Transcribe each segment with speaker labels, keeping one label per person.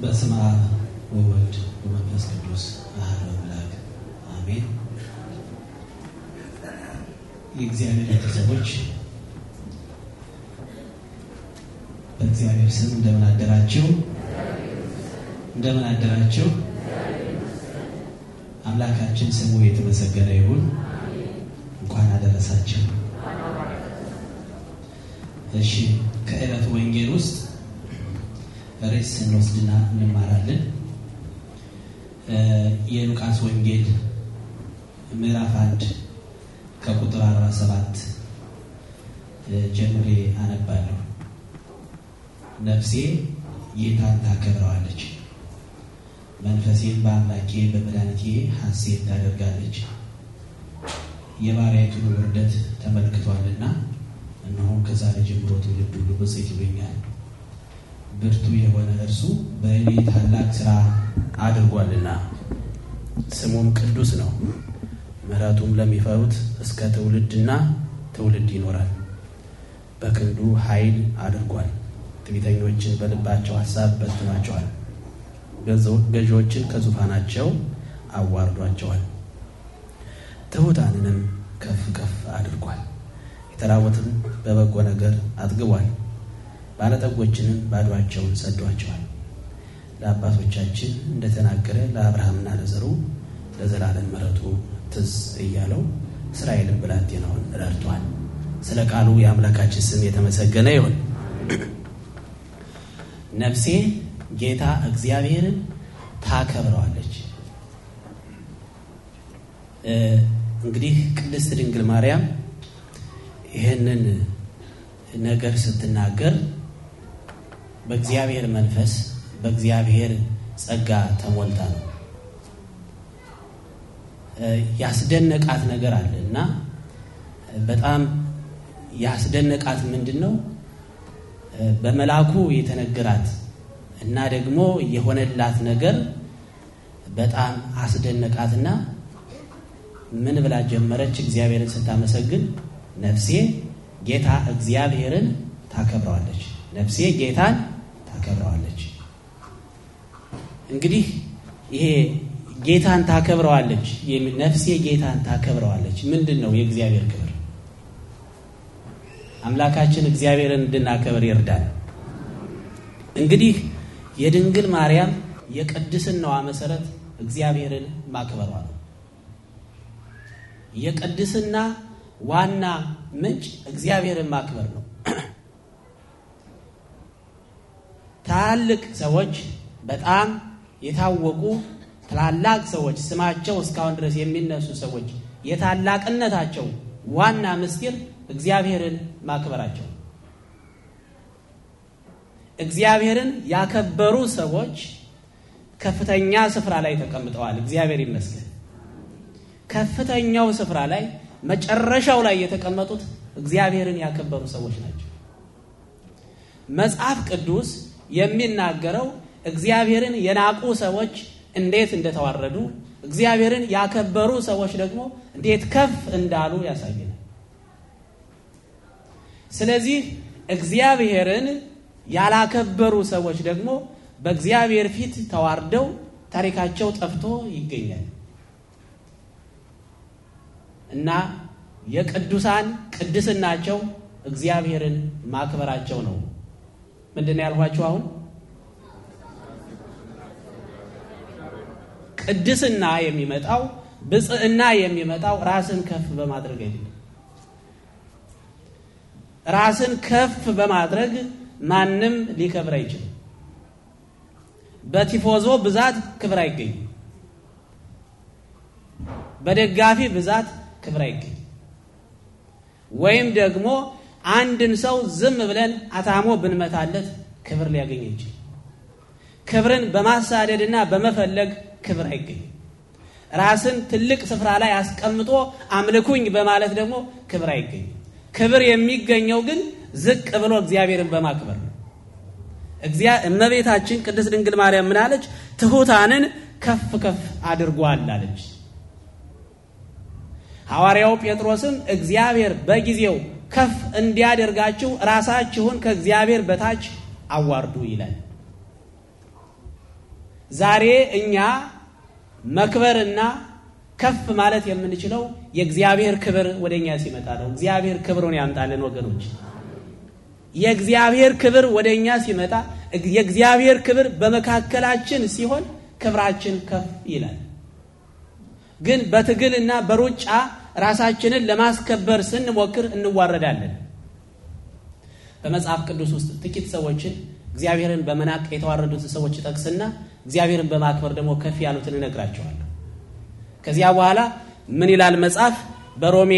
Speaker 1: በስመ አብ ወወልድ ወመንፈስ ቅዱስ አሐዱ አምላክ አሜን። የእግዚአብሔር ቤተሰቦች በእግዚአብሔር ስም እንደምን አደራችሁ? እንደምን አደራችሁ? አምላካችን ስሙ የተመሰገነ ይሁን። እንኳን አደረሳችሁ። እሺ ከእለት ወንጌል ውስጥ ርዕስ እንወስድና እንማራለን። የሉቃስ ወንጌል ምዕራፍ አንድ ከቁጥር 4ሰባት ጀምሬ አነባለሁ። ነፍሴ ጌታን ታከብረዋለች፣ መንፈሴን በአምላኬ በመድኃኒቴ ሐሴት ታደርጋለች። የባሪያይቱን ውርደት ተመልክቷልና እነሆም ከዛሬ ጀምሮ ትውልድ ሁሉ በጽዮን ይገኛል ብርቱ የሆነ እርሱ በእኔ ታላቅ ስራ አድርጓልና ስሙም ቅዱስ ነው። ምሕረቱም ለሚፈሩት እስከ ትውልድና ትውልድ ይኖራል። በክንዱ ኃይል አድርጓል። ትዕቢተኞችን በልባቸው ሀሳብ በትኗቸዋል። ገዢዎችን ከዙፋናቸው አዋርዷቸዋል። ትሑታንንም ከፍ ከፍ አድርጓል። የተራቡትን በበጎ ነገር አጥግቧል። ባለጠጎችንም ባዷቸውን ሰዷቸዋል። ለአባቶቻችን እንደተናገረ ለአብርሃምና ለዘሩ ለዘላለም መረቱ ትዝ እያለው እስራኤልን ብላቴናውን ረድቷል። ስለ ቃሉ የአምላካችን ስም የተመሰገነ ይሁን። ነፍሴ ጌታ እግዚአብሔርን ታከብረዋለች። እንግዲህ ቅድስት ድንግል ማርያም ይህንን ነገር ስትናገር በእግዚአብሔር መንፈስ በእግዚአብሔር ጸጋ ተሞልታ ነው። ያስደነቃት ነገር አለ እና በጣም ያስደነቃት ምንድን ነው በመልአኩ የተነገራት እና ደግሞ የሆነላት ነገር በጣም አስደነቃትና ምን ብላ ጀመረች? እግዚአብሔርን ስታመሰግን ነፍሴ ጌታ እግዚአብሔርን ታከብረዋለች። ነፍሴ ጌታን ታከብረዋለች። እንግዲህ ይሄ ጌታን ታከብረዋለች፣ ነፍሴ ጌታን ታከብረዋለች። ምንድን ነው የእግዚአብሔር ክብር? አምላካችን እግዚአብሔርን እንድናከብር ይርዳል። እንግዲህ የድንግል ማርያም የቅድስናዋ መሰረት እግዚአብሔርን ማክበሯ ነው። የቅድስና ዋና ምንጭ እግዚአብሔርን ማክበር ነው። ትላልቅ ሰዎች በጣም የታወቁ ትላላቅ ሰዎች ስማቸው እስካሁን ድረስ የሚነሱ ሰዎች የታላቅነታቸው ዋና ምስጢር እግዚአብሔርን ማክበራቸው። እግዚአብሔርን ያከበሩ ሰዎች ከፍተኛ ስፍራ ላይ ተቀምጠዋል። እግዚአብሔር ይመስገን። ከፍተኛው ስፍራ ላይ መጨረሻው ላይ የተቀመጡት እግዚአብሔርን ያከበሩ ሰዎች ናቸው። መጽሐፍ ቅዱስ የሚናገረው እግዚአብሔርን የናቁ ሰዎች እንዴት እንደተዋረዱ፣ እግዚአብሔርን ያከበሩ ሰዎች ደግሞ እንዴት ከፍ እንዳሉ ያሳየናል። ስለዚህ እግዚአብሔርን ያላከበሩ ሰዎች ደግሞ በእግዚአብሔር ፊት ተዋርደው ታሪካቸው ጠፍቶ ይገኛል እና የቅዱሳን ቅድስናቸው እግዚአብሔርን ማክበራቸው ነው። ምንድን ያልኋችሁ? አሁን ቅድስና የሚመጣው ብፅዕና የሚመጣው ራስን ከፍ በማድረግ አይደለም። ራስን ከፍ በማድረግ ማንም ሊከብር አይችልም። በቲፎዞ ብዛት ክብር አይገኝም። በደጋፊ ብዛት ክብር አይገኝም። ወይም ደግሞ አንድን ሰው ዝም ብለን አታሞ ብንመታለት ክብር ሊያገኝ እንጂ ክብርን በማሳደድና በመፈለግ ክብር አይገኝም። ራስን ትልቅ ስፍራ ላይ አስቀምጦ አምልኩኝ በማለት ደግሞ ክብር አይገኝም። ክብር የሚገኘው ግን ዝቅ ብሎ እግዚአብሔርን በማክበር ነው። እመቤታችን ቅድስት ድንግል ማርያም ምናለች? ትሑታንን ከፍ ከፍ አድርጓል አለች። ሐዋርያው ጴጥሮስም እግዚአብሔር በጊዜው ከፍ እንዲያደርጋችሁ ራሳችሁን ከእግዚአብሔር በታች አዋርዱ ይላል። ዛሬ እኛ መክበርና ከፍ ማለት የምንችለው የእግዚአብሔር ክብር ወደ እኛ ሲመጣ ነው። እግዚአብሔር ክብሩን ያምጣልን ወገኖች። የእግዚአብሔር ክብር ወደ እኛ ሲመጣ፣ የእግዚአብሔር ክብር በመካከላችን ሲሆን ክብራችን ከፍ ይላል። ግን በትግልና በሩጫ ራሳችንን ለማስከበር ስንሞክር እንዋረዳለን። በመጽሐፍ ቅዱስ ውስጥ ጥቂት ሰዎችን እግዚአብሔርን በመናቅ የተዋረዱትን ሰዎች ጠቅስና እግዚአብሔርን በማክበር ደግሞ ከፍ ያሉትን እነግራቸዋለሁ። ከዚያ በኋላ ምን ይላል መጽሐፍ? በሮሜ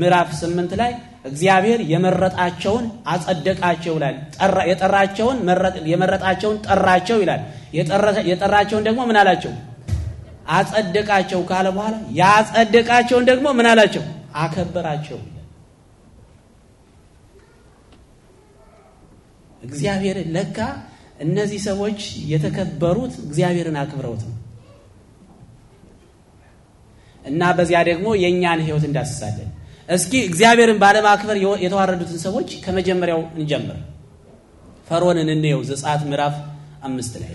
Speaker 1: ምዕራፍ ስምንት ላይ እግዚአብሔር የመረጣቸውን አጸደቃቸው ይላል። የጠራቸውን የመረጣቸውን ጠራቸው ይላል። የጠራቸውን ደግሞ ምን አላቸው? አጸደቃቸው ካለ በኋላ ያጸደቃቸውን ደግሞ ምን አላቸው? አከበራቸው። እግዚአብሔርን ለካ እነዚህ ሰዎች የተከበሩት እግዚአብሔርን አክብረውት ነው። እና በዚያ ደግሞ የእኛን ህይወት እንዳስሳለን። እስኪ እግዚአብሔርን ባለማክበር የተዋረዱትን ሰዎች ከመጀመሪያው እንጀምር። ፈርዖንን እንየው ዘጸአት ምዕራፍ አምስት ላይ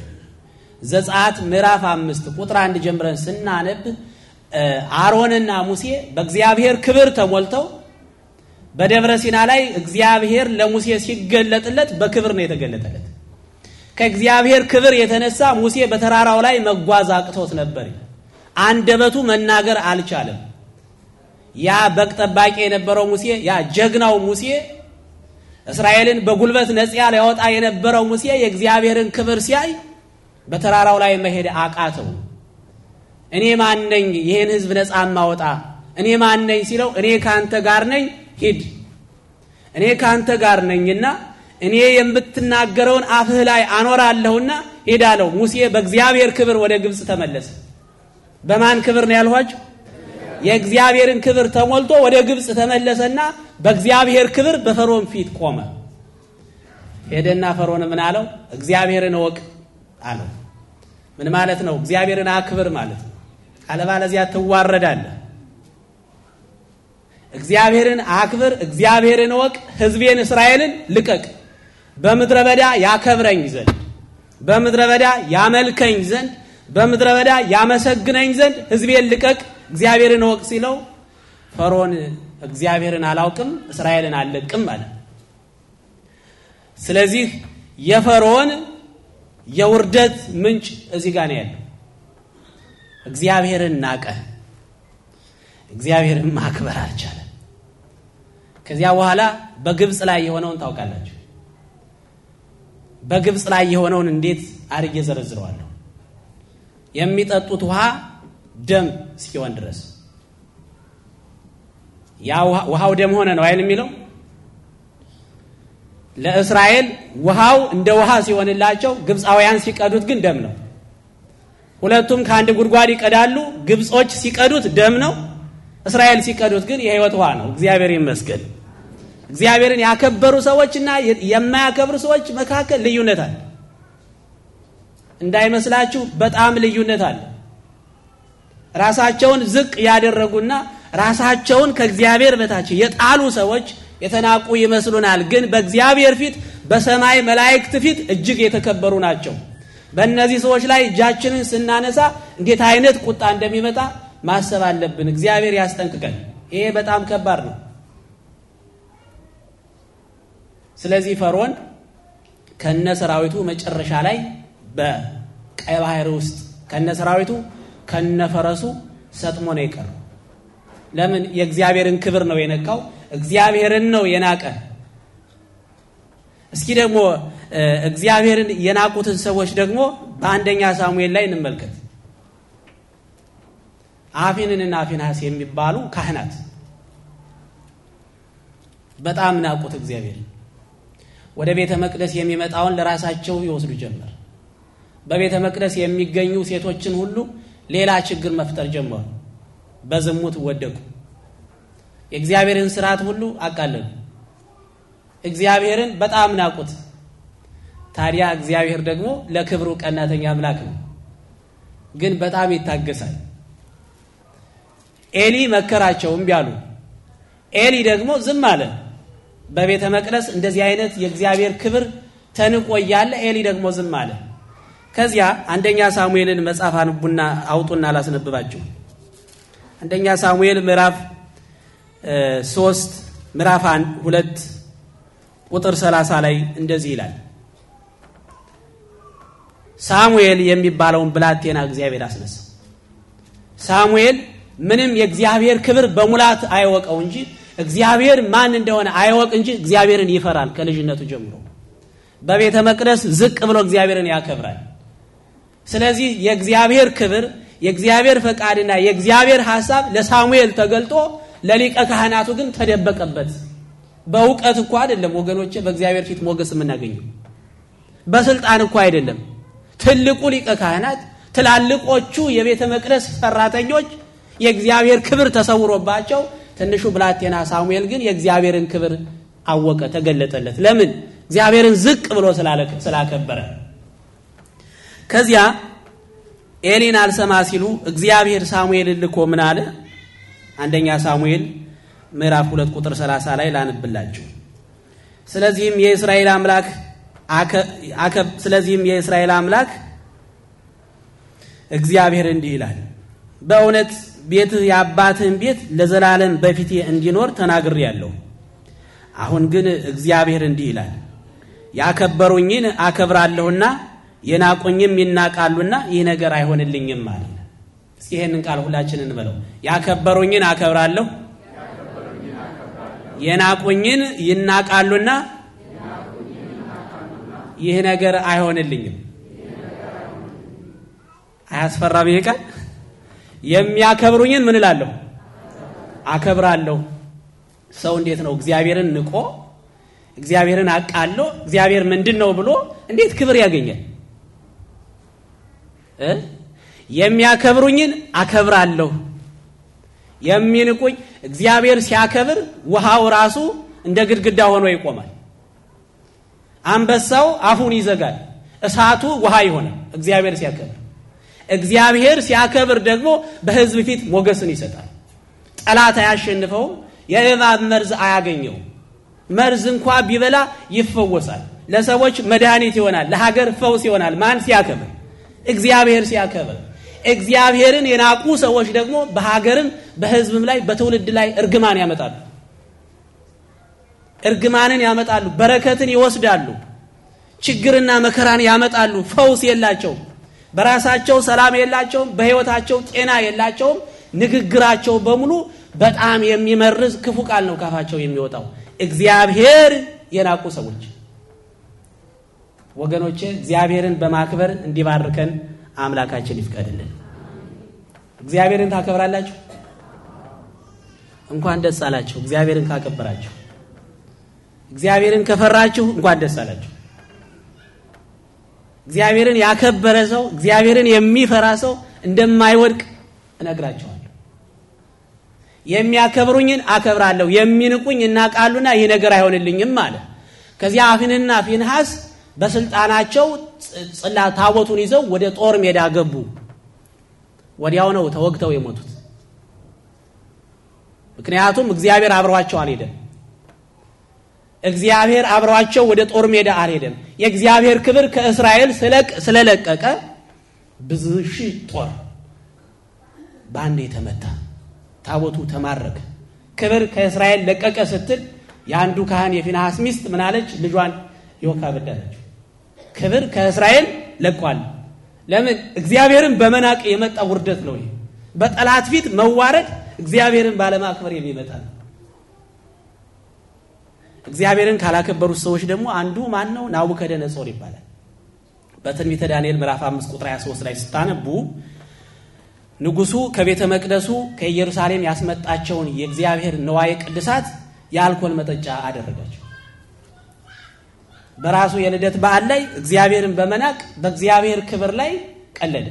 Speaker 1: ዘጸአት ምዕራፍ አምስት ቁጥር አንድ ጀምረን ስናነብ አሮንና ሙሴ በእግዚአብሔር ክብር ተሞልተው በደብረ ሲና ላይ እግዚአብሔር ለሙሴ ሲገለጥለት በክብር ነው የተገለጠለት። ከእግዚአብሔር ክብር የተነሳ ሙሴ በተራራው ላይ መጓዝ አቅቶት ነበር። አንደበቱ መናገር አልቻለም። ያ በግ ጠባቂ የነበረው ሙሴ፣ ያ ጀግናው ሙሴ፣ እስራኤልን በጉልበት ነጽያ ሊያወጣ የነበረው ሙሴ የእግዚአብሔርን ክብር ሲያይ በተራራው ላይ መሄድ አቃተው። እኔ ማን ነኝ ይህን ህዝብ ነፃ ማወጣ? እኔ ማን ነኝ ሲለው እኔ ከአንተ ጋር ነኝ፣ ሂድ እኔ ከአንተ ጋር ነኝና እኔ የምትናገረውን አፍህ ላይ አኖራለሁና ሄዳለሁ ሙሴ በእግዚአብሔር ክብር ወደ ግብፅ ተመለሰ። በማን ክብር ነው ያልኋቸው የእግዚአብሔርን ክብር ተሞልቶ ወደ ግብፅ ተመለሰና በእግዚአብሔር ክብር በፈሮን ፊት ቆመ። ሄደና ፈሮን ምን አለው? እግዚአብሔርን እወቅ አለው። ምን ማለት ነው? እግዚአብሔርን አክብር ማለት ነው። አለበለዚያ ትዋረዳለህ። እግዚአብሔርን አክብር፣ እግዚአብሔርን ወቅ፣ ሕዝቤን እስራኤልን ልቀቅ፣ በምድረ በዳ ያከብረኝ ዘንድ በምድረ በዳ ያመልከኝ ዘንድ በምድረ በዳ ያመሰግነኝ ዘንድ ሕዝቤን ልቀቅ፣ እግዚአብሔርን ወቅ ሲለው ፈርዖን እግዚአብሔርን አላውቅም እስራኤልን አልለቅም ማለት። ስለዚህ የፈርዖን የውርደት ምንጭ እዚህ ጋር ነው ያለው። እግዚአብሔርን ናቀ፣ እግዚአብሔርን ማክበር አልቻለም። ከዚያ በኋላ በግብፅ ላይ የሆነውን ታውቃላችሁ። በግብፅ ላይ የሆነውን እንዴት አድርጌ ዘረዝረዋለሁ? የሚጠጡት ውሃ ደም እስኪሆን ድረስ ያ ውሃው ደም ሆነ ነው አይል የሚለው ለእስራኤል ውሃው እንደ ውሃ ሲሆንላቸው ግብፃውያን ሲቀዱት ግን ደም ነው። ሁለቱም ከአንድ ጉድጓድ ይቀዳሉ። ግብጾች ሲቀዱት ደም ነው። እስራኤል ሲቀዱት ግን የህይወት ውሃ ነው። እግዚአብሔር ይመስገን። እግዚአብሔርን ያከበሩ ሰዎችና የማያከብሩ ሰዎች መካከል ልዩነት አለ። እንዳይመስላችሁ በጣም ልዩነት አለ። ራሳቸውን ዝቅ ያደረጉና ራሳቸውን ከእግዚአብሔር በታች የጣሉ ሰዎች የተናቁ ይመስሉናል፣ ግን በእግዚአብሔር ፊት በሰማይ መላእክት ፊት እጅግ የተከበሩ ናቸው። በእነዚህ ሰዎች ላይ እጃችንን ስናነሳ እንዴት አይነት ቁጣ እንደሚመጣ ማሰብ አለብን። እግዚአብሔር ያስጠንቅቀን። ይሄ በጣም ከባድ ነው። ስለዚህ ፈርዖን ከነ ሰራዊቱ መጨረሻ ላይ በቀይ ባህር ውስጥ ከነ ሰራዊቱ ከነ ፈረሱ ሰጥሞ ነው የቀረው። ለምን? የእግዚአብሔርን ክብር ነው የነካው። እግዚአብሔርን ነው የናቀ። እስኪ ደግሞ እግዚአብሔርን የናቁትን ሰዎች ደግሞ በአንደኛ ሳሙኤል ላይ እንመልከት። አፊንንና ፊናስ የሚባሉ ካህናት በጣም ናቁት እግዚአብሔር። ወደ ቤተ መቅደስ የሚመጣውን ለራሳቸው ይወስዱ ጀመር። በቤተ መቅደስ የሚገኙ ሴቶችን ሁሉ ሌላ ችግር መፍጠር ጀመሩ። በዝሙት ወደቁ። የእግዚአብሔርን ስርዓት ሁሉ አቃለሉ። እግዚአብሔርን በጣም ናቁት። ታዲያ እግዚአብሔር ደግሞ ለክብሩ ቀናተኛ አምላክ ነው፣ ግን በጣም ይታገሳል። ኤሊ መከራቸው እምቢ አሉ። ኤሊ ደግሞ ዝም አለ። በቤተ መቅደስ እንደዚህ አይነት የእግዚአብሔር ክብር ተንቆ እያለ ኤሊ ደግሞ ዝም አለ። ከዚያ አንደኛ ሳሙኤልን መጽሐፍ አንቡና አውጡና አላስነብባቸው አንደኛ ሳሙኤል ምዕራፍ ሶስት ምዕራፍ ሁለት ቁጥር ሰላሳ ላይ እንደዚህ ይላል ሳሙኤል የሚባለውን ብላቴና እግዚአብሔር አስነሳ ሳሙኤል ምንም የእግዚአብሔር ክብር በሙላት አይወቀው እንጂ እግዚአብሔር ማን እንደሆነ አይወቅ እንጂ እግዚአብሔርን ይፈራል ከልጅነቱ ጀምሮ። በቤተ መቅደስ ዝቅ ብሎ እግዚአብሔርን ያከብራል። ስለዚህ የእግዚአብሔር ክብር፣ የእግዚአብሔር ፈቃድና የእግዚአብሔር ሐሳብ ለሳሙኤል ተገልጦ ለሊቀ ካህናቱ ግን ተደበቀበት። በእውቀት እኮ አይደለም ወገኖች በእግዚአብሔር ፊት ሞገስ የምናገኘው በስልጣን እኮ አይደለም። ትልቁ ሊቀ ካህናት፣ ትላልቆቹ የቤተ መቅደስ ሰራተኞች የእግዚአብሔር ክብር ተሰውሮባቸው፣ ትንሹ ብላቴና ሳሙኤል ግን የእግዚአብሔርን ክብር አወቀ፣ ተገለጠለት። ለምን? እግዚአብሔርን ዝቅ ብሎ ስላከበረ። ከዚያ ኤሊን አልሰማ ሲሉ እግዚአብሔር ሳሙኤልን ልኮ ምን አለ? አንደኛ ሳሙኤል ምዕራፍ ሁለት ቁጥር 30 ላይ ላንብላችሁ። ስለዚህም የእስራኤል አምላክ ስለዚህም የእስራኤል አምላክ እግዚአብሔር እንዲህ ይላል፣ በእውነት ቤትህ የአባትህን ቤት ለዘላለም በፊቴ እንዲኖር ያለው አሁን ግን እግዚአብሔር እንዲህ ይላል፣ ያከበሩኝን አከብራለሁና የናቁኝም ይናቃሉና ይህ ነገር አይሆንልኝም አለ። እስኪ ቃል ሁላችን እንበለው። ያከበሩኝን አከብራለሁ፣ የናቁኝን ይናቃሉና ይህ ነገር አይሆንልኝም። አያስፈራም? ይሄ ቃል የሚያከብሩኝን ምን እላለሁ? አከብራለሁ። ሰው እንዴት ነው እግዚአብሔርን ንቆ እግዚአብሔርን አቃለሁ እግዚአብሔር ምንድን ነው ብሎ እንዴት ክብር ያገኛል? የሚያከብሩኝን አከብራለሁ የሚንቁኝ እግዚአብሔር ሲያከብር ውሃው ራሱ እንደ ግድግዳ ሆኖ ይቆማል። አንበሳው አፉን ይዘጋል፣ እሳቱ ውሃ ይሆናል። እግዚአብሔር ሲያከብር እግዚአብሔር ሲያከብር ደግሞ በህዝብ ፊት ሞገስን ይሰጣል። ጠላት አያሸንፈውም፣ የእባብ መርዝ አያገኘውም። መርዝ እንኳ ቢበላ ይፈወሳል። ለሰዎች መድኃኒት ይሆናል፣ ለሀገር ፈውስ ይሆናል። ማን ሲያከብር? እግዚአብሔር ሲያከብር እግዚአብሔርን የናቁ ሰዎች ደግሞ በሀገርም በህዝብም ላይ በትውልድ ላይ እርግማን ያመጣሉ። እርግማንን ያመጣሉ፣ በረከትን ይወስዳሉ፣ ችግርና መከራን ያመጣሉ። ፈውስ የላቸውም፣ በራሳቸው ሰላም የላቸውም፣ በህይወታቸው ጤና የላቸውም። ንግግራቸው በሙሉ በጣም የሚመርዝ ክፉ ቃል ነው ካፋቸው የሚወጣው። እግዚአብሔር የናቁ ሰዎች ወገኖቼ፣ እግዚአብሔርን በማክበር እንዲባርከን አምላካችን ይፍቀድልን። እግዚአብሔርን ታከብራላችሁ? እንኳን ደስ አላችሁ። እግዚአብሔርን ካከበራችሁ፣ እግዚአብሔርን ከፈራችሁ እንኳን ደስ አላችሁ። እግዚአብሔርን ያከበረ ሰው፣ እግዚአብሔርን የሚፈራ ሰው እንደማይወድቅ እነግራቸዋለሁ። የሚያከብሩኝን አከብራለሁ፣ የሚንቁኝ እናቃሉና ይህ ነገር አይሆንልኝም አለ። ከዚያ አፍንና ፊንሐስ በስልጣናቸው ጽላ ታቦቱን ይዘው ወደ ጦር ሜዳ ገቡ። ወዲያው ነው ተወግተው የሞቱት። ምክንያቱም እግዚአብሔር አብረዋቸው አልሄደም። እግዚአብሔር አብረዋቸው ወደ ጦር ሜዳ አልሄደም። የእግዚአብሔር ክብር ከእስራኤል ስለለቀቀ ብዙ ሺ ጦር በአንድ የተመታ ታቦቱ ተማረከ። ክብር ከእስራኤል ለቀቀ ስትል የአንዱ ካህን የፊናሐስ ሚስት ምናለች? ልጇን ይወካ በዳለችው። ክብር ከእስራኤል ለቋል። ለምን? እግዚአብሔርን በመናቅ የመጣ ውርደት ነው። ይሄ በጠላት ፊት መዋረድ እግዚአብሔርን ባለማክበር የሚመጣ ነው። እግዚአብሔርን ካላከበሩት ሰዎች ደግሞ አንዱ ማን ነው? ናቡከደነጾር ይባላል። በትንቢተ ዳንኤል ምዕራፍ 5 ቁጥር 23 ላይ ስታነቡ ንጉሱ ከቤተ መቅደሱ ከኢየሩሳሌም ያስመጣቸውን የእግዚአብሔር ንዋየ ቅድሳት የአልኮል መጠጫ አደረጋቸው። በራሱ የልደት በዓል ላይ እግዚአብሔርን በመናቅ በእግዚአብሔር ክብር ላይ ቀለደ።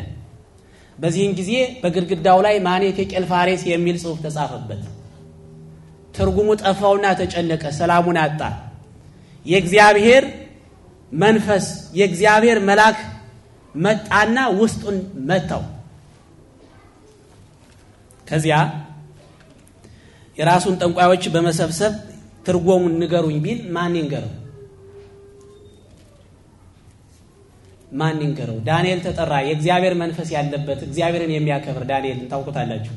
Speaker 1: በዚህን ጊዜ በግድግዳው ላይ ማኔቴ ቄልፋሬስ የሚል ጽሑፍ ተጻፈበት። ትርጉሙ ጠፋውና ተጨነቀ፣ ሰላሙን አጣ። የእግዚአብሔር መንፈስ የእግዚአብሔር መልአክ መጣና ውስጡን መታው። ከዚያ የራሱን ጠንቋዮች በመሰብሰብ ትርጎሙን ንገሩኝ ቢል ማን ይንገረው? ማን ይንገረው? ዳንኤል ተጠራ። የእግዚአብሔር መንፈስ ያለበት እግዚአብሔርን የሚያከብር ዳንኤልን ታውቁታላችሁ።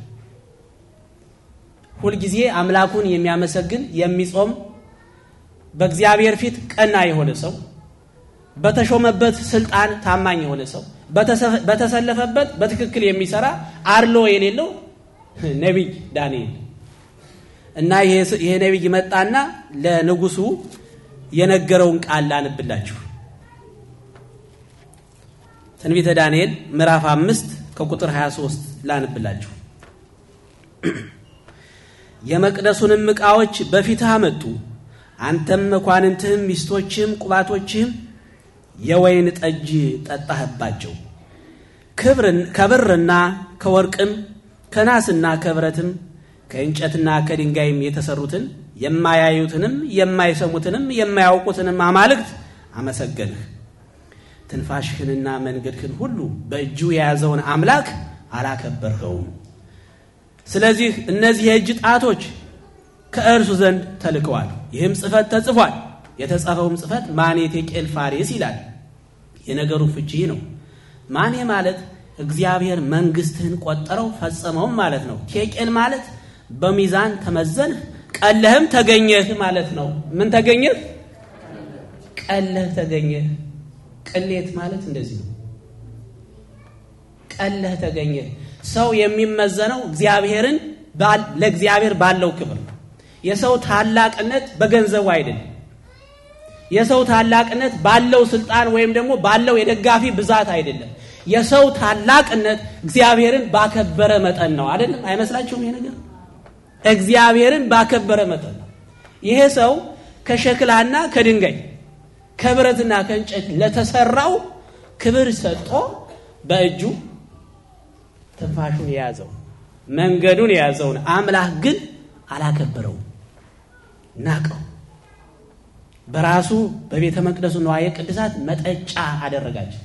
Speaker 1: ሁልጊዜ አምላኩን የሚያመሰግን የሚጾም፣ በእግዚአብሔር ፊት ቀና የሆነ ሰው፣ በተሾመበት ስልጣን ታማኝ የሆነ ሰው፣ በተሰለፈበት በትክክል የሚሰራ አርሎ የሌለው ነቢይ ዳንኤል እና ይሄ ነቢይ መጣና ለንጉሱ የነገረውን ቃል ላንብላችሁ። ትንቢተ ዳንኤል ምዕራፍ አምስት ከቁጥር 23 ላንብላችሁ። የመቅደሱንም ዕቃዎች በፊትህ አመጡ። አንተም መኳንንትህም ሚስቶችህም ቁባቶችህም የወይን ጠጅ ጠጣህባቸው። ከብርና ከወርቅም ከናስና ከብረትም ከእንጨትና ከድንጋይም የተሰሩትን የማያዩትንም የማይሰሙትንም የማያውቁትንም አማልክት አመሰገንህ። ትንፋሽህንና መንገድህን ሁሉ በእጁ የያዘውን አምላክ አላከበርከውም። ስለዚህ እነዚህ የእጅ ጣቶች ከእርሱ ዘንድ ተልከዋል። ይህም ጽፈት ተጽፏል። የተጻፈውም ጽፈት ማኔቴ ቄል ፋሬስ ይላል። የነገሩ ፍቺ ነው። ማኔ ማለት እግዚአብሔር መንግስትህን ቆጠረው ፈጸመውም ማለት ነው። ቴቄል ማለት በሚዛን ተመዘንህ ቀለህም ተገኘህ ማለት ነው። ምን ተገኘህ? ቀለህ ተገኘህ። ቅሌት ማለት እንደዚህ ነው። ቀለህ ተገኘ። ሰው የሚመዘነው እግዚአብሔርን ለእግዚአብሔር ባለው ክብር የሰው ታላቅነት በገንዘቡ አይደለም። የሰው ታላቅነት ባለው ስልጣን ወይም ደግሞ ባለው የደጋፊ ብዛት አይደለም። የሰው ታላቅነት እግዚአብሔርን ባከበረ መጠን ነው። አይደለም? አይመስላችሁም? ይሄ ነገር እግዚአብሔርን ባከበረ መጠን ነው። ይሄ ሰው ከሸክላና ከድንጋይ ከብረትና ከእንጨት ለተሰራው ክብር ሰጥቶ በእጁ ትንፋሹን የያዘው መንገዱን የያዘውን አምላክ ግን አላከበረው ናቀው። በራሱ በቤተ መቅደሱ ነዋየ ቅድሳት መጠጫ አደረጋቸው።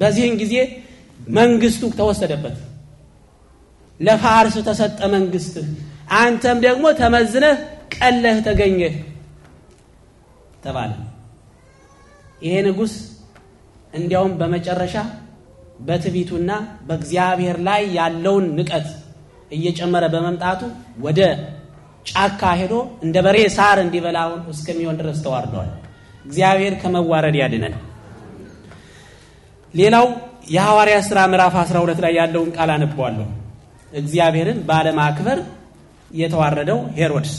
Speaker 1: በዚህን ጊዜ መንግስቱ ተወሰደበት፣ ለፋርስ ተሰጠ መንግስት። አንተም ደግሞ ተመዝነህ ቀለህ ተገኘህ ተባለ። ይሄ ንጉስ እንዲያውም በመጨረሻ በትቢቱና በእግዚአብሔር ላይ ያለውን ንቀት እየጨመረ በመምጣቱ ወደ ጫካ ሄዶ እንደ በሬ ሳር እንዲበላውን እስከሚሆን ድረስ ተዋርደዋል። እግዚአብሔር ከመዋረድ ያድነን። ሌላው የሐዋርያ ሥራ ምዕራፍ 12 ላይ ያለውን ቃል አነበዋለሁ። እግዚአብሔርን ባለማክበር የተዋረደው ሄሮድስ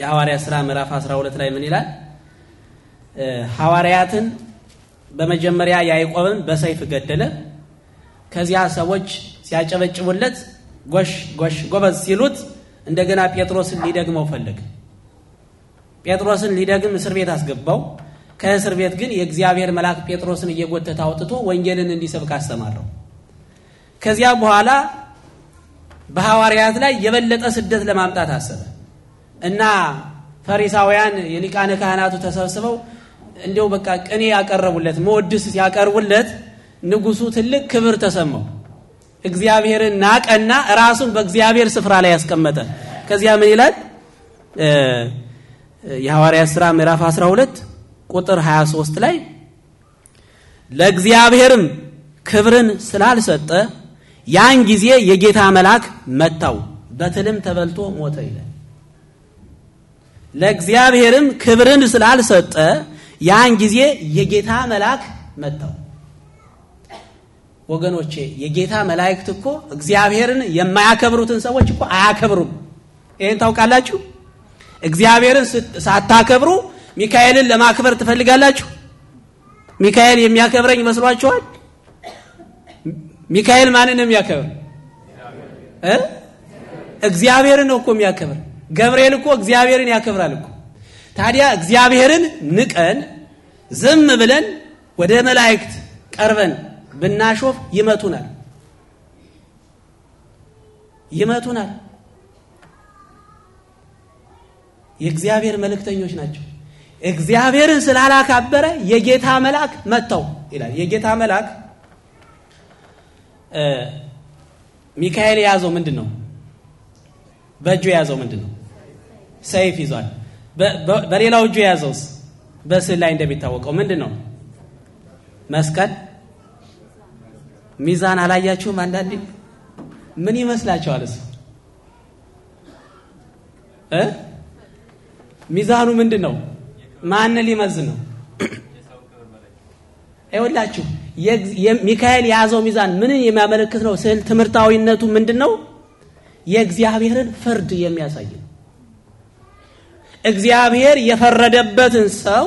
Speaker 1: የሐዋርያ ሥራ ምዕራፍ 12 ላይ ምን ይላል? ሐዋርያትን በመጀመሪያ ያይቆብን በሰይፍ ገደለ። ከዚያ ሰዎች ሲያጨበጭቡለት ጎሽ ጎሽ ጎበዝ ሲሉት እንደገና ጴጥሮስን ሊደግመው ፈለገ። ጴጥሮስን ሊደግም እስር ቤት አስገባው። ከእስር ቤት ግን የእግዚአብሔር መልአክ ጴጥሮስን እየጎተተ አውጥቶ ወንጌልን እንዲሰብክ አስተማረው። ከዚያ በኋላ በሐዋርያት ላይ የበለጠ ስደት ለማምጣት አሰበ እና ፈሪሳውያን የሊቃነ ካህናቱ ተሰብስበው እንደው በቃ ቅኔ ያቀረቡለት መወድስ ያቀርቡለት ንጉሱ ትልቅ ክብር ተሰማው። እግዚአብሔርን ናቀና ራሱን በእግዚአብሔር ስፍራ ላይ ያስቀመጠ። ከዚያ ምን ይላል? የሐዋርያ ሥራ ምዕራፍ 12 ቁጥር 23 ላይ ለእግዚአብሔርም ክብርን ስላልሰጠ ያን ጊዜ የጌታ መልአክ መታው፣ በትልም ተበልቶ ሞተ ይላል። ለእግዚአብሔርም ክብርን ስላልሰጠ ያን ጊዜ የጌታ መልአክ መጣው። ወገኖቼ የጌታ መላእክት እኮ እግዚአብሔርን የማያከብሩትን ሰዎች እኮ አያከብሩም። ይህን ታውቃላችሁ። እግዚአብሔርን ሳታከብሩ ሚካኤልን ለማክበር ትፈልጋላችሁ። ሚካኤል የሚያከብረኝ መስሏችኋል? ሚካኤል ማንን ነው የሚያከብር? እግዚአብሔርን ነው እኮ የሚያከብር። ገብርኤል እኮ እግዚአብሔርን ያከብራል እኮ ታዲያ እግዚአብሔርን ንቀን ዝም ብለን ወደ መላእክት ቀርበን ብናሾፍ ይመቱናል ይመቱናል። የእግዚአብሔር መልእክተኞች ናቸው። እግዚአብሔርን ስላላካበረ የጌታ መልአክ መታው ይላል። የጌታ መልአክ ሚካኤል የያዘው ምንድን ነው? በእጁ የያዘው ምንድን ነው? ሰይፍ ይዟል። በሌላው እጁ የያዘውስ በስዕል ላይ እንደሚታወቀው ምንድን ነው? መስቀል፣ ሚዛን አላያችሁም? አንዳንዴ ምን ይመስላችኋል? እ ሚዛኑ ምንድን ነው? ማን ሊመዝ ነው? ይኸውላችሁ ሚካኤል የያዘው ሚዛን ምንን የሚያመለክት ነው? ስዕል ትምህርታዊነቱ ምንድን ነው? የእግዚአብሔርን ፍርድ የሚያሳይ እግዚአብሔር የፈረደበትን ሰው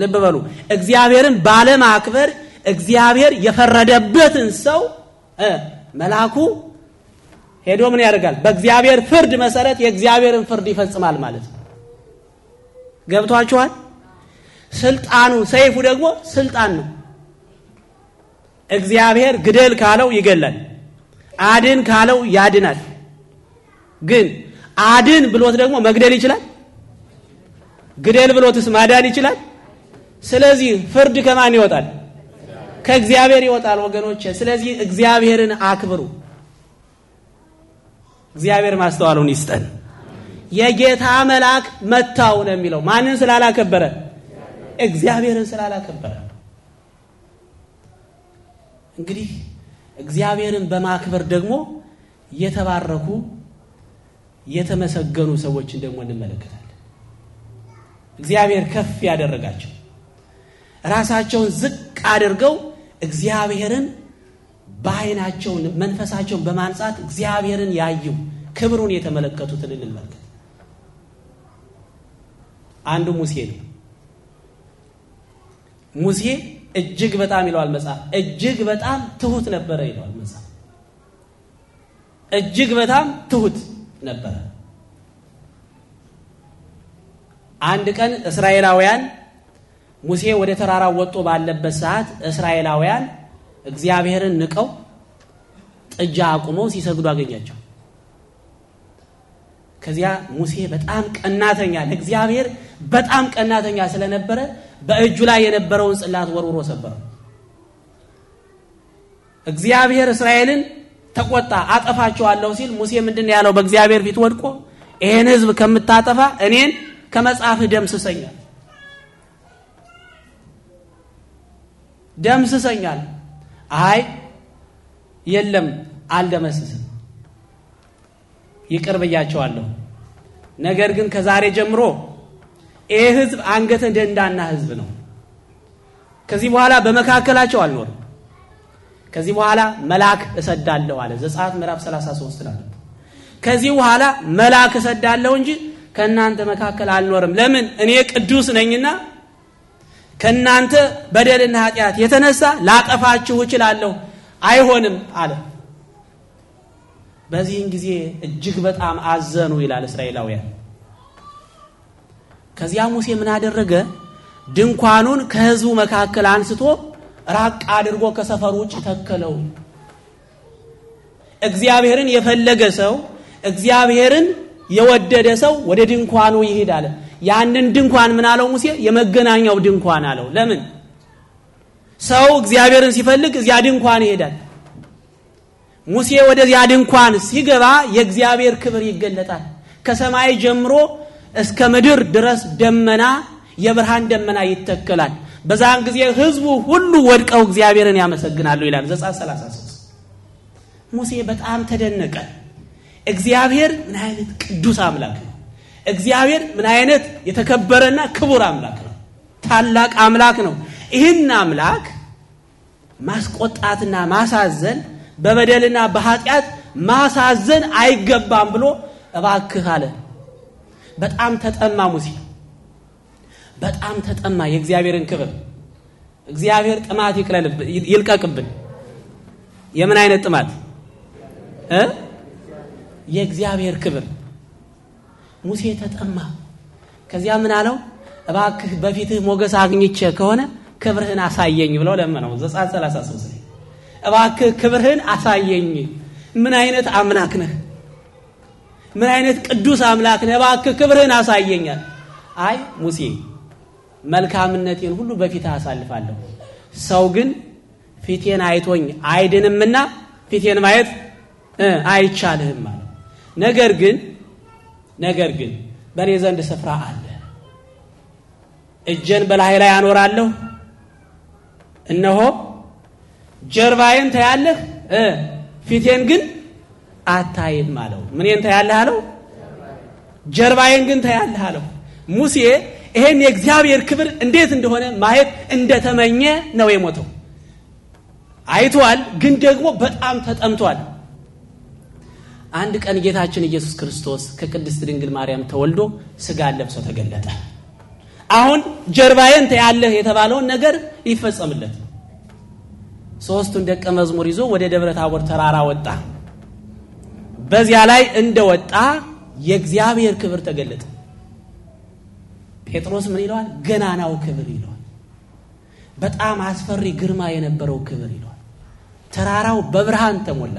Speaker 1: ልብ በሉ፣ እግዚአብሔርን ባለማክበር እግዚአብሔር የፈረደበትን ሰው መልአኩ ሄዶ ምን ያደርጋል? በእግዚአብሔር ፍርድ መሰረት የእግዚአብሔርን ፍርድ ይፈጽማል ማለት ነው። ገብቷችኋል? ስልጣኑ ሰይፉ ደግሞ ስልጣን ነው። እግዚአብሔር ግደል ካለው ይገላል፣ አድን ካለው ያድናል። ግን አድን ብሎት ደግሞ መግደል ይችላል። ግደል ብሎትስ ማዳን ይችላል። ስለዚህ ፍርድ ከማን ይወጣል? ከእግዚአብሔር ይወጣል ወገኖች። ስለዚህ እግዚአብሔርን አክብሩ። እግዚአብሔር ማስተዋሉን ይስጠን። የጌታ መልአክ መታው ነው የሚለው ማንን ስላላከበረ? እግዚአብሔርን ስላላከበረ። እንግዲህ እግዚአብሔርን በማክበር ደግሞ የተባረኩ የተመሰገኑ ሰዎችን ደግሞ እንመለከታለን። እግዚአብሔር ከፍ ያደረጋቸው ራሳቸውን ዝቅ አድርገው እግዚአብሔርን በዓይናቸውን መንፈሳቸውን በማንጻት እግዚአብሔርን ያዩ ክብሩን የተመለከቱትን እንመልከት። አንዱ ሙሴ ነው። ሙሴ እጅግ በጣም ይለዋል መጽሐፍ፣ እጅግ በጣም ትሁት ነበረ ይለዋል መጽሐፍ። እጅግ በጣም ትሁት ነበረ። አንድ ቀን እስራኤላውያን ሙሴ ወደ ተራራው ወጥቶ ባለበት ሰዓት እስራኤላውያን እግዚአብሔርን ንቀው ጥጃ አቁመው ሲሰግዱ አገኛቸው። ከዚያ ሙሴ በጣም ቀናተኛ ለእግዚአብሔር በጣም ቀናተኛ ስለነበረ በእጁ ላይ የነበረውን ጽላት ወርውሮ ሰበረው። እግዚአብሔር እስራኤልን ተቆጣ፣ አጠፋቸዋለሁ ሲል ሙሴ ምንድን ያለው? በእግዚአብሔር ፊት ወድቆ ይህን ህዝብ ከምታጠፋ እኔን ከመጽሐፍህ ደምስሰኛል፣ ደምስሰኛል። አይ የለም አልደመስስም፣ ይቅር ብያቸዋለሁ። ነገር ግን ከዛሬ ጀምሮ ይህ ህዝብ አንገተ ደንዳና ህዝብ ነው። ከዚህ በኋላ በመካከላቸው አልኖርም። ከዚህ በኋላ መልአክ እሰዳለሁ አለ ዘጻት ምዕራፍ 33 ላይ ከዚህ በኋላ መልአክ እሰዳለሁ እንጂ ከእናንተ መካከል አልኖርም ለምን እኔ ቅዱስ ነኝና ከእናንተ በደልና ኃጢአት የተነሳ ላጠፋችሁ እችላለሁ አይሆንም አለ በዚህን ጊዜ እጅግ በጣም አዘኑ ይላል እስራኤላውያን ከዚያ ሙሴ ምን አደረገ ድንኳኑን ከህዝቡ መካከል አንስቶ ራቅ አድርጎ ከሰፈር ውጭ ተከለው። እግዚአብሔርን የፈለገ ሰው እግዚአብሔርን የወደደ ሰው ወደ ድንኳኑ ይሄዳል። ያንን ድንኳን ምን አለው ሙሴ? የመገናኛው ድንኳን አለው። ለምን ሰው እግዚአብሔርን ሲፈልግ እዚያ ድንኳን ይሄዳል። ሙሴ ወደዚያ ድንኳን ሲገባ የእግዚአብሔር ክብር ይገለጣል። ከሰማይ ጀምሮ እስከ ምድር ድረስ ደመና የብርሃን ደመና ይተከላል። በዛን ጊዜ ህዝቡ ሁሉ ወድቀው እግዚአብሔርን ያመሰግናሉ ይላል ዘጻ 33 ሙሴ በጣም ተደነቀ እግዚአብሔር ምን አይነት ቅዱስ አምላክ ነው እግዚአብሔር ምን አይነት የተከበረና ክቡር አምላክ ነው ታላቅ አምላክ ነው ይህን አምላክ ማስቆጣትና ማሳዘን በበደልና በኃጢአት ማሳዘን አይገባም ብሎ እባክህ አለ በጣም ተጠማ ሙሴ በጣም ተጠማ የእግዚአብሔርን ክብር። እግዚአብሔር ጥማት ይልቀቅብን። የምን አይነት ጥማት እ የእግዚአብሔር ክብር። ሙሴ ተጠማ። ከዚያ ምን አለው? እባክህ በፊትህ ሞገስ አግኝቼ ከሆነ ክብርህን አሳየኝ ብለው ለመነው። ዘጻ 33 እባክህ ክብርህን አሳየኝ። ምን አይነት አምላክ ነህ? ምን አይነት ቅዱስ አምላክ ነህ? እባክህ ክብርህን አሳየኛል። አይ ሙሴ መልካምነቴን ሁሉ በፊት አሳልፋለሁ። ሰው ግን ፊቴን አይቶኝ አይድንምና ፊቴን ማየት አይቻልህም ማለት ነገር ግን ነገር ግን በእኔ ዘንድ ስፍራ አለ። እጀን በላይ ላይ አኖራለሁ፣ እነሆ ጀርባዬን ተያለህ ፊቴን ግን አታይም አለው። ምን ታያለህ አለው፣ ጀርባዬን ግን ታያለህ አለው። ሙሴ ይሄን የእግዚአብሔር ክብር እንዴት እንደሆነ ማየት እንደተመኘ ነው የሞተው። አይቷል፣ ግን ደግሞ በጣም ተጠምቷል። አንድ ቀን ጌታችን ኢየሱስ ክርስቶስ ከቅድስት ድንግል ማርያም ተወልዶ ስጋ ለብሶ ተገለጠ። አሁን ጀርባዬን ታያለህ የተባለውን ነገር ይፈጸምለት ሶስቱን ደቀ መዝሙር ይዞ ወደ ደብረ ታቦር ተራራ ወጣ። በዚያ ላይ እንደወጣ የእግዚአብሔር ክብር ተገለጠ። ጴጥሮስ ምን ይለዋል? ገናናው ክብር ይለዋል። በጣም አስፈሪ ግርማ የነበረው ክብር ይለዋል። ተራራው በብርሃን ተሞላ።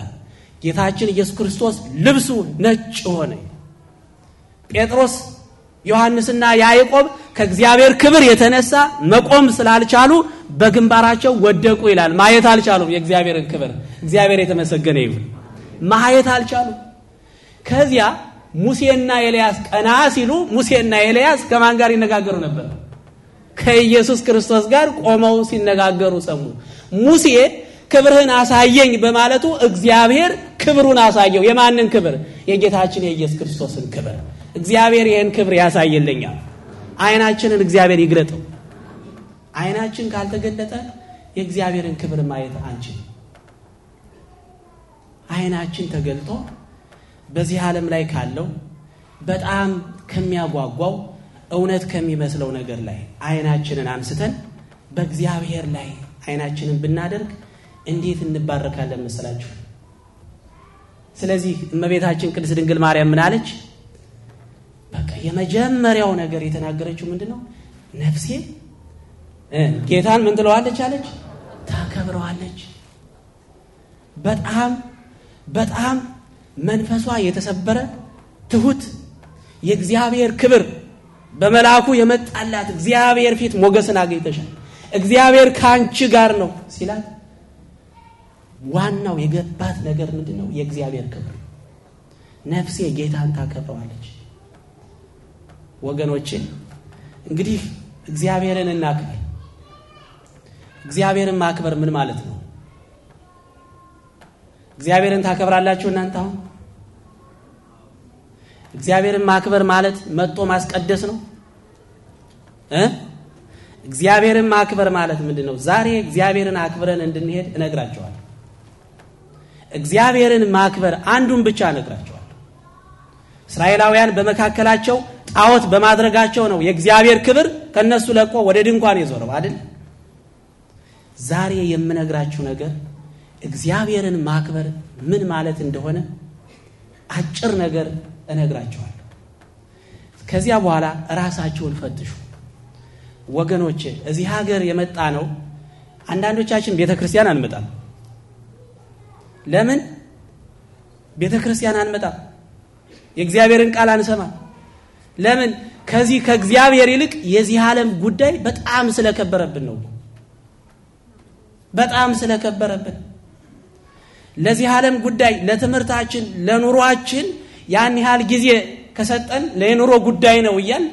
Speaker 1: ጌታችን ኢየሱስ ክርስቶስ ልብሱ ነጭ ሆነ። ጴጥሮስ ዮሐንስና ያዕቆብ ከእግዚአብሔር ክብር የተነሳ መቆም ስላልቻሉ በግንባራቸው ወደቁ ይላል። ማየት አልቻሉም የእግዚአብሔርን ክብር። እግዚአብሔር የተመሰገነ ይሁን። ማየት አልቻሉም። ከዚያ ሙሴና ኤልያስ ቀና ሲሉ ሙሴና ኤልያስ ከማን ጋር ይነጋገሩ ነበር? ከኢየሱስ ክርስቶስ ጋር ቆመው ሲነጋገሩ ሰሙ። ሙሴ ክብርህን አሳየኝ በማለቱ እግዚአብሔር ክብሩን አሳየው። የማንን ክብር? የጌታችን የኢየሱስ ክርስቶስን ክብር። እግዚአብሔር ይህን ክብር ያሳየልኛል። አይናችንን እግዚአብሔር ይግለጠው። አይናችን ካልተገለጠ የእግዚአብሔርን ክብር ማየት አንችልም። አይናችን ተገልጦ በዚህ ዓለም ላይ ካለው በጣም ከሚያጓጓው እውነት ከሚመስለው ነገር ላይ አይናችንን አንስተን በእግዚአብሔር ላይ አይናችንን ብናደርግ እንዴት እንባረካለን መሰላችሁ? ስለዚህ እመቤታችን ቅድስት ድንግል ማርያም ምን አለች? በቃ የመጀመሪያው ነገር የተናገረችው ምንድን ነው? ነፍሴ ጌታን ምን ትለዋለች አለች? ታከብረዋለች። በጣም በጣም መንፈሷ የተሰበረ ትሁት የእግዚአብሔር ክብር በመልአኩ የመጣላት እግዚአብሔር ፊት ሞገስን አግኝተሻል እግዚአብሔር ከአንቺ ጋር ነው ሲላት ዋናው የገባት ነገር ምንድን ነው የእግዚአብሔር ክብር ነፍሴ ጌታን ታከብረዋለች ወገኖችን እንግዲህ እግዚአብሔርን እናክብር እግዚአብሔርን ማክበር ምን ማለት ነው እግዚአብሔርን ታከብራላችሁ እናንተ አሁን እግዚአብሔርን ማክበር ማለት መጦ ማስቀደስ ነው እግዚአብሔርን ማክበር ማለት ምንድን ነው? ዛሬ እግዚአብሔርን አክብረን እንድንሄድ እነግራቸዋል እግዚአብሔርን ማክበር አንዱን ብቻ እነግራቸዋል እስራኤላውያን በመካከላቸው ጣዖት በማድረጋቸው ነው የእግዚአብሔር ክብር ከነሱ ለቆ ወደ ድንኳን የዞረው አይደል? ዛሬ የምነግራችሁ ነገር እግዚአብሔርን ማክበር ምን ማለት እንደሆነ አጭር ነገር እነግራቸዋለሁ። ከዚያ በኋላ ራሳችሁን ፈትሹ። ወገኖቼ እዚህ ሀገር የመጣ ነው። አንዳንዶቻችን ቤተ ክርስቲያን አንመጣም። ለምን ቤተ ክርስቲያን አንመጣም? የእግዚአብሔርን ቃል አንሰማ? ለምን? ከዚህ ከእግዚአብሔር ይልቅ የዚህ ዓለም ጉዳይ በጣም ስለከበረብን ነው። በጣም ስለከበረብን ለዚህ ዓለም ጉዳይ ለትምህርታችን ለኑሯችን ያን ያህል ጊዜ ከሰጠን ለኑሮ ጉዳይ ነው እያል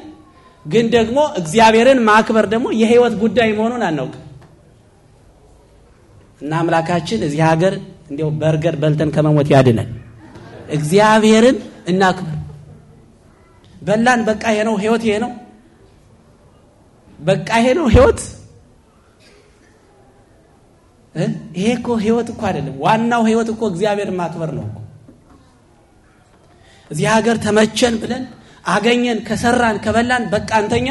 Speaker 1: ግን ደግሞ እግዚአብሔርን ማክበር ደግሞ የህይወት ጉዳይ መሆኑን አናውቅ እና አምላካችን እዚህ ሀገር እንዲያው በርገር በልተን ከመሞት ያድነን። እግዚአብሔርን እናክብር። በላን፣ በቃ ይሄ ነው ህይወት፣ ይሄ ነው በቃ ይሄ ነው ህይወት ይሄ እኮ ህይወት እኮ አይደለም። ዋናው ህይወት እኮ እግዚአብሔር ማክበር ነው እዚህ ሀገር ተመቸን ብለን አገኘን ከሰራን ከበላን በቃ አንተኛ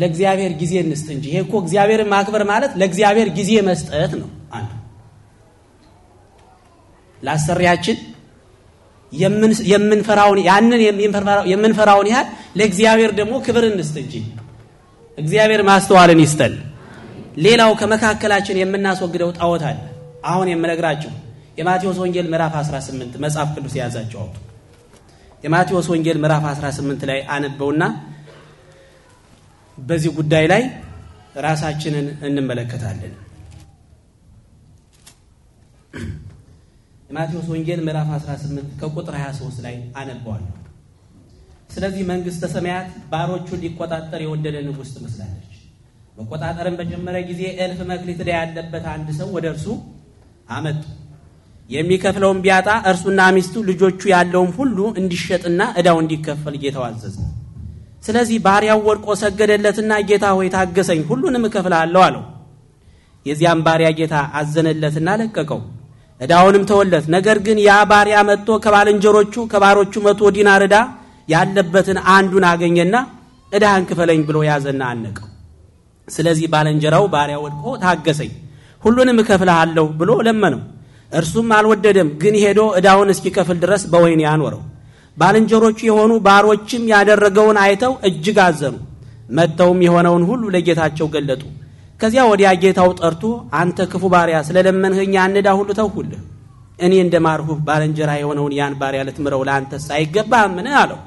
Speaker 1: ለእግዚአብሔር ጊዜ እንስጥ እንጂ ይሄ እኮ እግዚአብሔር ማክበር ማለት ለእግዚአብሔር ጊዜ መስጠት ነው። አንዱ ለአሰሪያችን የምንፈራውን ያንን የምንፈራውን ያህል ለእግዚአብሔር ደግሞ ክብር እንስጥ እንጂ እግዚአብሔር ማስተዋልን ይስጠን። ሌላው ከመካከላችን የምናስወግደው ጣዖት አለ። አሁን የምነግራችሁ የማቴዎስ ወንጌል ምዕራፍ 18 መጽሐፍ ቅዱስ የያዛችሁ አውጡ። የማቴዎስ ወንጌል ምዕራፍ 18 ላይ አነበውና በዚህ ጉዳይ ላይ ራሳችንን እንመለከታለን። የማቴዎስ ወንጌል ምዕራፍ 18 ከቁጥር 23 ላይ አነበዋለሁ። ስለዚህ መንግሥተ ሰማያት ባሮቹን ሊቆጣጠር የወደደ ንጉሥ ትመስላለች። መቆጣጠርን በጀመረ ጊዜ እልፍ መክሊት ላይ ያለበት አንድ ሰው ወደ እርሱ አመጡ። የሚከፍለውን ቢያጣ እርሱና ሚስቱ ልጆቹ ያለውን ሁሉ እንዲሸጥና እዳው እንዲከፈል ጌታው አዘዘ። ስለዚህ ባሪያው ወድቆ ሰገደለትና ጌታ ሆይ ታገሰኝ፣ ሁሉንም እከፍላለሁ አለው። የዚያም ባሪያ ጌታ አዘነለትና ለቀቀው፣ እዳውንም ተወለት። ነገር ግን ያ ባሪያ መጥቶ ከባልንጀሮቹ ከባሮቹ መቶ ዲናር እዳ ያለበትን አንዱን አገኘና እዳህን ክፈለኝ ብሎ ያዘና አነቀው። ስለዚህ ባለንጀራው ባሪያ ወድቆ ታገሰኝ ሁሉንም እከፍልሃለሁ ብሎ ለመነው እርሱም አልወደደም ግን ሄዶ እዳውን እስኪከፍል ድረስ በወይን ያኖረው ባልንጀሮቹ የሆኑ ባሮችም ያደረገውን አይተው እጅግ አዘኑ መጥተውም የሆነውን ሁሉ ለጌታቸው ገለጡ ከዚያ ወዲያ ጌታው ጠርቶ አንተ ክፉ ባሪያ ስለለመንህኝ ያን ዕዳ ሁሉ ተውሁልህ እኔ እንደ ማርሁህ ባልንጀራ የሆነውን ያን ባሪያ ልትምረው ለአንተስ አይገባህምን አለው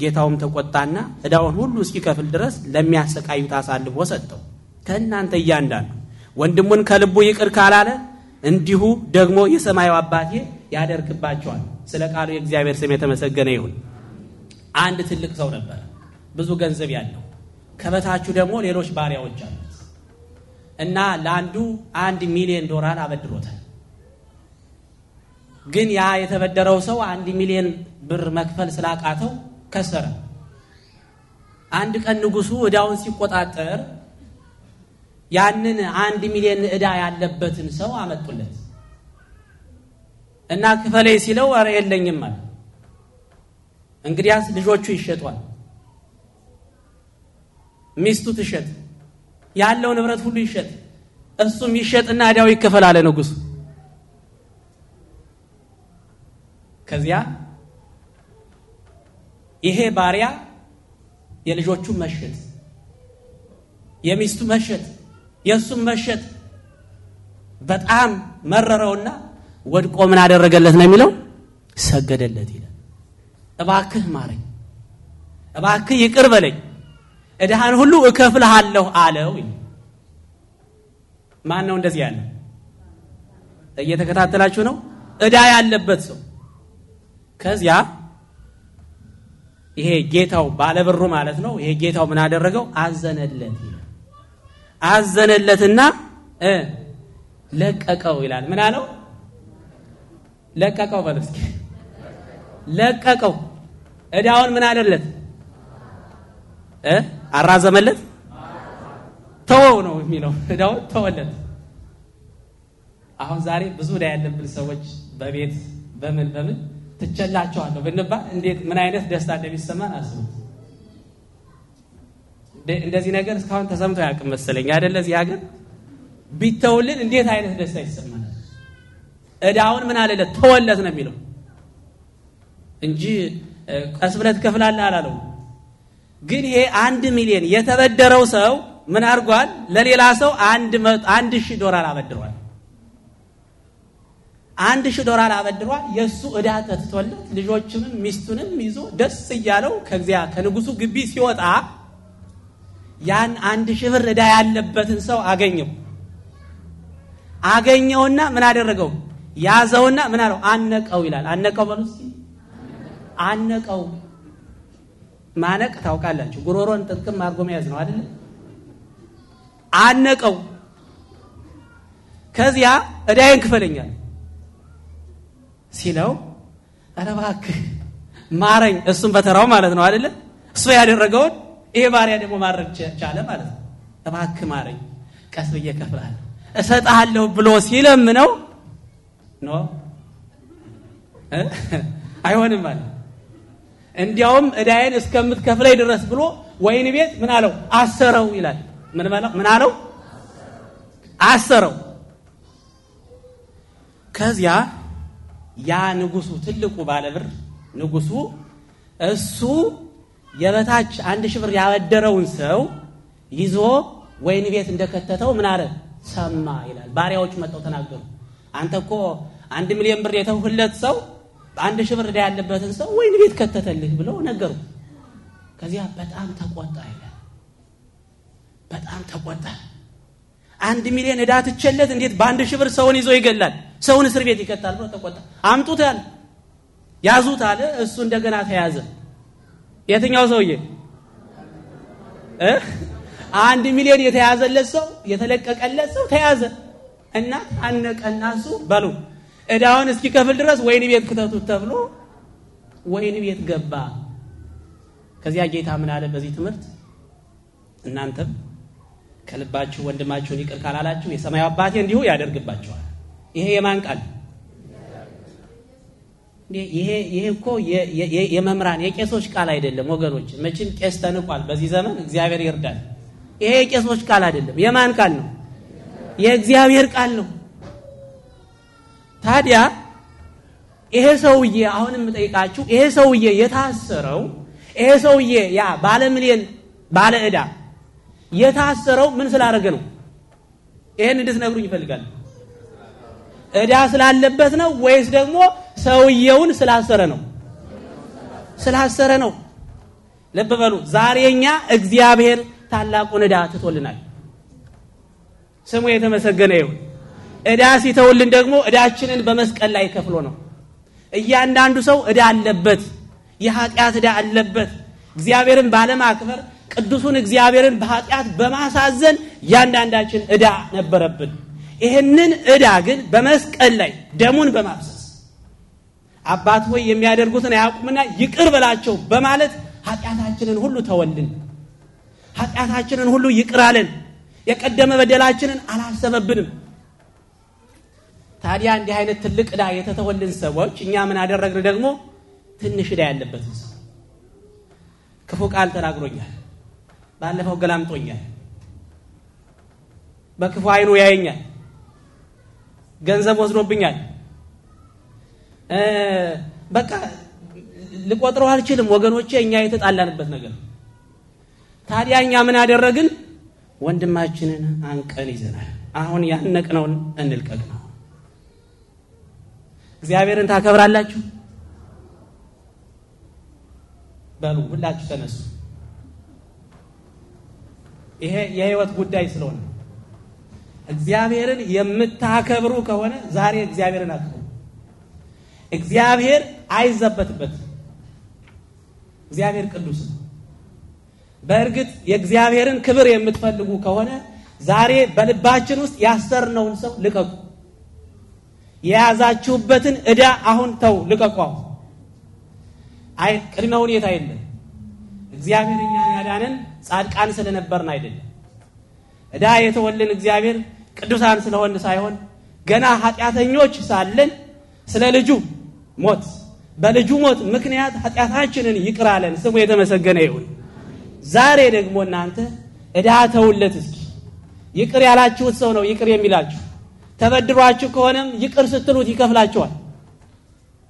Speaker 1: ጌታውም ተቆጣና እዳውን ሁሉ እስኪከፍል ድረስ ለሚያሰቃዩት አሳልፎ ሰጠው። ከእናንተ እያንዳንዱ ወንድሙን ከልቡ ይቅር ካላለ እንዲሁ ደግሞ የሰማዩ አባቴ ያደርግባቸዋል። ስለ ቃሉ የእግዚአብሔር ስም የተመሰገነ ይሁን። አንድ ትልቅ ሰው ነበረ፣ ብዙ ገንዘብ ያለው። ከበታችሁ ደግሞ ሌሎች ባሪያዎች አሉት እና ለአንዱ አንድ ሚሊዮን ዶላር አበድሮታል። ግን ያ የተበደረው ሰው አንድ ሚሊዮን ብር መክፈል ስላቃተው ከሰረ። አንድ ቀን ንጉሱ እዳውን ሲቆጣጠር ያንን አንድ ሚሊዮን እዳ ያለበትን ሰው አመጡለት እና ክፈለይ ሲለው ኧረ የለኝም አለ። እንግዲያስ ልጆቹ ይሸጧል፣ ሚስቱ ትሸጥ፣ ያለው ንብረት ሁሉ ይሸጥ፣ እሱም ይሸጥና ዕዳው ይከፈል አለ ንጉሱ ከዚያ ይሄ ባሪያ የልጆቹ መሸት፣ የሚስቱ መሸት፣ የእሱም መሸት በጣም መረረውና ወድቆ ምን አደረገለት ነው የሚለው? ሰገደለት ይላል። እባክህ ማረኝ፣ እባክህ ይቅር በለኝ፣ እድሃን ሁሉ እከፍልሃለሁ አለው። ማን ነው እንደዚህ ያለ? እየተከታተላችሁ ነው። እዳ ያለበት ሰው ከዚያ ይሄ ጌታው ባለብሩ ማለት ነው። ይሄ ጌታው ምን አደረገው? አዘነለት አዘነለትና ለቀቀው ይላል። ምን አለው? ለቀቀው በል ለቀቀው። እዳውን ምን አደለት? አራዘመለት። ተወው ነው የሚለው። እዳውን ተወለት። አሁን ዛሬ ብዙ ላይ ያለብን ሰዎች በቤት በምን በምን ትቸላቸዋለሁ ብንባል እንዴት ምን አይነት ደስታ እንደሚሰማን አስቡ። እንደዚህ ነገር እስካሁን ተሰምቶ ያቅም መሰለኝ አይደለ? እዚህ ሀገር ቢተውልን እንዴት አይነት ደስታ ይሰማናል። እዳውን ምን አለለ ተወለት ነው የሚለው እንጂ ቀስ ብለህ ትከፍላለህ አላለው። ግን ይሄ አንድ ሚሊዮን የተበደረው ሰው ምን አርጓል ለሌላ ሰው አንድ ሺህ ዶላር አበድሯል። አንድ ሺህ ዶላር አበድሯ የእሱ እዳ ተትቶለት ልጆችንም ሚስቱንም ይዞ ደስ እያለው ከዚያ ከንጉሱ ግቢ ሲወጣ ያን አንድ ሺህ ብር እዳ ያለበትን ሰው አገኘው። አገኘውና ምን አደረገው? ያዘውና ምን አለው? አነቀው ይላል። አነቀው በሉ አነቀው። ማነቅ ታውቃላችሁ? ጉሮሮን ጥቅም አድርጎ መያዝ ነው አይደል? አነቀው። ከዚያ እዳይን ክፈለኛል ሲለው ኧረ እባክህ ማረኝ፣ እሱም በተራው ማለት ነው አይደለ? እሱ ያደረገውን ይሄ ባሪያ ደግሞ ማድረግ ቻለ ማለት ነው። እባክህ ማረኝ፣ ቀስ ብዬ እከፍልሃለሁ፣ እሰጥሃለሁ ብሎ ነው ኖ አይሆንም አለ። እንዲያውም እዳይን እስከምትከፍለኝ ድረስ ብሎ ወይን ቤት ምን አለው አሰረው ይላል። ምን አለው አሰረው። ከዚያ ያ ንጉሱ ትልቁ ባለብር ንጉሱ እሱ የበታች አንድ ሺህ ብር ያበደረውን ሰው ይዞ ወይን ቤት እንደከተተው ምን አለ ሰማ ይላል። ባሪያዎች መጥተው ተናገሩ። አንተ እኮ አንድ ሚሊዮን ብር የተውህለት ሰው አንድ ሺህ ብር ያለበትን ሰው ወይን ቤት ከተተልህ ብለው ነገሩ። ከዚያ በጣም ተቆጣ ይላል። በጣም ተቆጣ። አንድ ሚሊዮን እዳ ትቸለት እንዴት በአንድ ሺህ ብር ሰውን ይዞ ይገላል? ሰውን እስር ቤት ይቀጣል ብሎ ተቆጣ። አምጡት አለ፣ ያዙት አለ። እሱ እንደገና ተያዘ። የትኛው ሰውዬ አንድ ሚሊዮን የተያዘለት ሰው የተለቀቀለት ሰው ተያዘ እና ታነቀና እሱ በሉ እዳውን እስኪከፍል ድረስ ወይን ቤት ክተቱት ተብሎ ወይን ቤት ገባ። ከዚያ ጌታ ምን አለ? በዚህ ትምህርት እናንተም ከልባችሁ ወንድማችሁን ይቅር ካላላችሁ የሰማዩ አባቴ እንዲሁ ያደርግባቸዋል? ይሄ የማን ቃል? ይሄ እኮ የመምራን የቄሶች ቃል አይደለም ወገኖች። መቼም ቄስ ተንቋል በዚህ ዘመን፣ እግዚአብሔር ይርዳል። ይሄ የቄሶች ቃል አይደለም። የማን ቃል ነው? የእግዚአብሔር ቃል ነው። ታዲያ ይሄ ሰውዬ አሁን የምጠይቃችሁ ይሄ ሰውዬ የታሰረው ይሄ ሰውዬ ያ ባለ ባለእዳ የታሰረው ምን ስላደረገ ነው? ይሄን እንድትነግሩኝ ይፈልጋል። እዳ ስላለበት ነው ወይስ ደግሞ ሰውየውን ስላሰረ ነው? ስላሰረ ነው። ልብ በሉ። ዛሬ እኛ እግዚአብሔር ታላቁን እዳ ትቶልናል። ስሙ የተመሰገነ ይሁን። እዳ ሲተውልን ደግሞ እዳችንን በመስቀል ላይ ከፍሎ ነው። እያንዳንዱ ሰው እዳ አለበት። የኃጢአት እዳ አለበት። እግዚአብሔርን ባለማክበር ቅዱሱን እግዚአብሔርን በኃጢአት በማሳዘን እያንዳንዳችን እዳ ነበረብን። ይህንን እዳ ግን በመስቀል ላይ ደሙን በማብሰስ አባት ሆይ የሚያደርጉትን አያውቁምና ይቅር በላቸው በማለት ኃጢአታችንን ሁሉ ተወልን፣ ኃጢአታችንን ሁሉ ይቅር አለን፣ የቀደመ በደላችንን አላሰበብንም። ታዲያ እንዲህ አይነት ትልቅ ዕዳ የተተወልን ሰዎች እኛ ምን አደረግን ደግሞ ትንሽ ዕዳ ያለበት ሰው ክፉ ቃል ተናግሮኛል፣ ባለፈው ገላምጦኛል፣ በክፉ አይኑ ያየኛል ገንዘብ ወስዶብኛል በቃ ልቆጥረው አልችልም ወገኖቼ እኛ የተጣላንበት ነገር ታዲያ እኛ ምን አደረግን ወንድማችንን አንቀን ይዘናል አሁን ያነቅነውን እንልቀቅ ነው እግዚአብሔርን ታከብራላችሁ በሉ ሁላችሁ ተነሱ ይሄ የህይወት ጉዳይ ስለሆነ እግዚአብሔርን የምታከብሩ ከሆነ ዛሬ እግዚአብሔርን አክብሩ። እግዚአብሔር አይዘበትበት። እግዚአብሔር ቅዱስ ነው። በእርግጥ የእግዚአብሔርን ክብር የምትፈልጉ ከሆነ ዛሬ በልባችን ውስጥ ያሰርነውን ሰው ልቀቁ። የያዛችሁበትን ዕዳ አሁን ተው ልቀቁ። አይ ቅድመ ሁኔታ የለም። እግዚአብሔር እኛን ያዳነን ጻድቃን ስለነበርን አይደለም። እዳ የተወልን እግዚአብሔር ቅዱሳን ስለሆን ሳይሆን ገና ኃጢአተኞች ሳለን ስለ ልጁ ሞት በልጁ ሞት ምክንያት ኃጢአታችንን ይቅራለን ስሙ የተመሰገነ ይሁን። ዛሬ ደግሞ እናንተ እዳ ተውለት እስኪ። ይቅር ያላችሁት ሰው ነው ይቅር የሚላችሁ። ተበድሯችሁ ከሆነም ይቅር ስትሉት ይከፍላችኋል።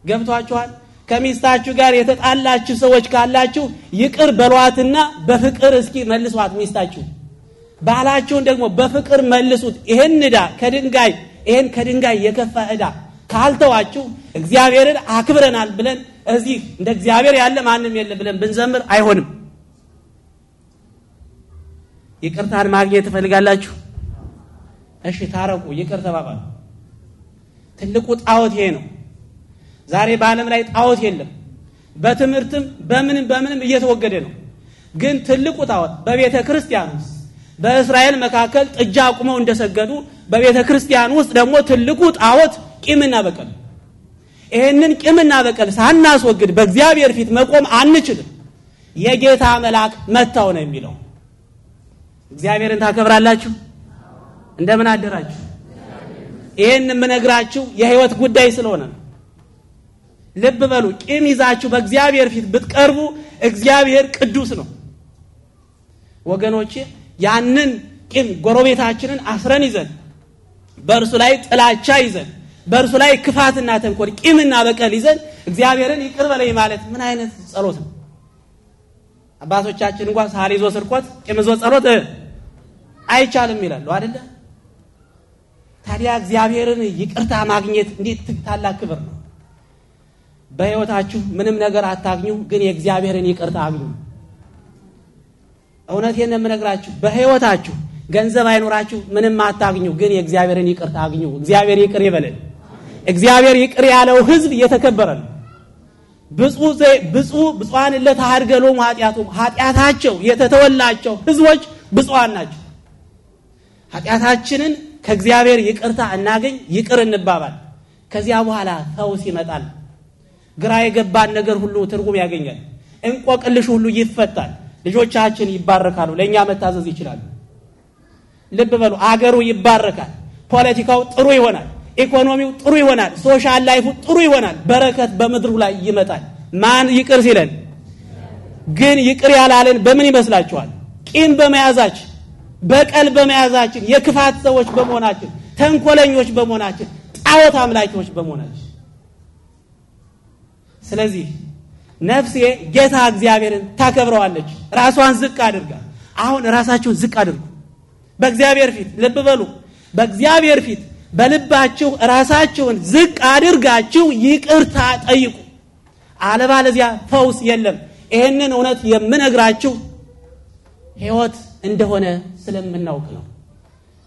Speaker 1: ገብቷችኋል? ከሚስታችሁ ጋር የተጣላችሁ ሰዎች ካላችሁ ይቅር በሏትና በፍቅር እስኪ መልሷት ሚስታችሁ ባላችሁን ደግሞ በፍቅር መልሱት። ይህን ዕዳ ከድንጋይ ይህን ከድንጋይ የከፋ እዳ ካልተዋችሁ እግዚአብሔርን አክብረናል ብለን እዚህ እንደ እግዚአብሔር ያለ ማንም የለ ብለን ብንዘምር አይሆንም። ይቅርታን ማግኘት ትፈልጋላችሁ? እሺ ታረቁ፣ ይቅር ተባባሉ። ትልቁ ጣዖት ይሄ ነው። ዛሬ በዓለም ላይ ጣዖት የለም። በትምህርትም በምንም በምንም እየተወገደ ነው። ግን ትልቁ ጣዖት በቤተ ክርስቲያን በእስራኤል መካከል ጥጃ አቁመው እንደሰገዱ በቤተ ክርስቲያን ውስጥ ደግሞ ትልቁ ጣዖት ቂምና በቀል ይህንን ቂምና በቀል ሳናስወግድ በእግዚአብሔር ፊት መቆም አንችልም የጌታ መልአክ መታው ነው የሚለው እግዚአብሔርን ታከብራላችሁ እንደምን አደራችሁ ይህን የምነግራችሁ የህይወት ጉዳይ ስለሆነ ነው ልብ በሉ ቂም ይዛችሁ በእግዚአብሔር ፊት ብትቀርቡ እግዚአብሔር ቅዱስ ነው ወገኖቼ ያንን ቂም ጎረቤታችንን አስረን ይዘን በእርሱ ላይ ጥላቻ ይዘን በእርሱ ላይ ክፋትና ተንኮል ቂምና በቀል ይዘን እግዚአብሔርን ይቅር በለኝ ማለት ምን አይነት ጸሎት ነው? አባቶቻችን እንኳ ሳህል ይዞ ስርቆት ቂም ይዞ ጸሎት አይቻልም ይላሉ አደለ? ታዲያ እግዚአብሔርን ይቅርታ ማግኘት እንዴት ታላቅ ክብር ነው። በሕይወታችሁ ምንም ነገር አታግኙ፣ ግን የእግዚአብሔርን ይቅርታ አግኙ። እውነቴን ነው የምነግራችሁ። በህይወታችሁ ገንዘብ አይኖራችሁ፣ ምንም አታግኙ፣ ግን የእግዚአብሔርን ይቅር ታግኙ። እግዚአብሔር ይቅር ይበልን። እግዚአብሔር ይቅር ያለው ህዝብ እየተከበረ ነው። ብፁዕ ብፁዓን ለተሃድገ ሎሙ ኃጢአቱም ኃጢአታቸው የተተወላቸው ህዝቦች ብፁዓን ናቸው። ኃጢአታችንን ከእግዚአብሔር ይቅርታ እናገኝ፣ ይቅር እንባባል። ከዚያ በኋላ ፈውስ ይመጣል። ግራ የገባን ነገር ሁሉ ትርጉም ያገኛል። እንቆቅልሽ ሁሉ ይፈታል። ልጆቻችን ይባረካሉ፣ ለእኛ መታዘዝ ይችላሉ። ልብ በሉ፣ አገሩ ይባረካል፣ ፖለቲካው ጥሩ ይሆናል፣ ኢኮኖሚው ጥሩ ይሆናል፣ ሶሻል ላይፉ ጥሩ ይሆናል። በረከት በምድሩ ላይ ይመጣል። ማን ይቅር ሲለን ግን ይቅር ያላለን በምን ይመስላችኋል? ቂም በመያዛች በቀል በመያዛችን የክፋት ሰዎች በመሆናችን ተንኮለኞች በመሆናችን ጣዖት አምላኪዎች በመሆናችን ስለዚህ ነፍሴ ጌታ እግዚአብሔርን ታከብረዋለች ራሷን ዝቅ አድርጋ አሁን ራሳችሁን ዝቅ አድርጉ በእግዚአብሔር ፊት ልብ በሉ በእግዚአብሔር ፊት በልባችሁ ራሳችሁን ዝቅ አድርጋችሁ ይቅርታ ጠይቁ አለባለዚያ ፈውስ የለም ይህንን እውነት የምነግራችሁ ህይወት እንደሆነ ስለምናውቅ ነው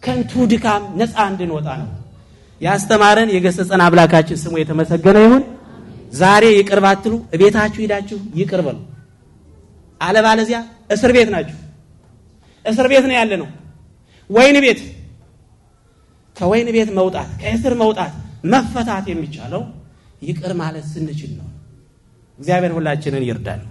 Speaker 1: ከንቱ ድካም ነፃ እንድንወጣ ነው ያስተማረን የገሰጸን አምላካችን ስሙ የተመሰገነ ይሁን ዛሬ ይቅር ባትሉ እቤታችሁ ሂዳችሁ ይቅር በሉ። አለባለዚያ እስር ቤት ናችሁ። እስር ቤት ነው ያለ ነው። ወይን ቤት ከወይን ቤት መውጣት ከእስር መውጣት መፈታት የሚቻለው ይቅር ማለት ስንችል ነው። እግዚአብሔር ሁላችንን ይርዳል።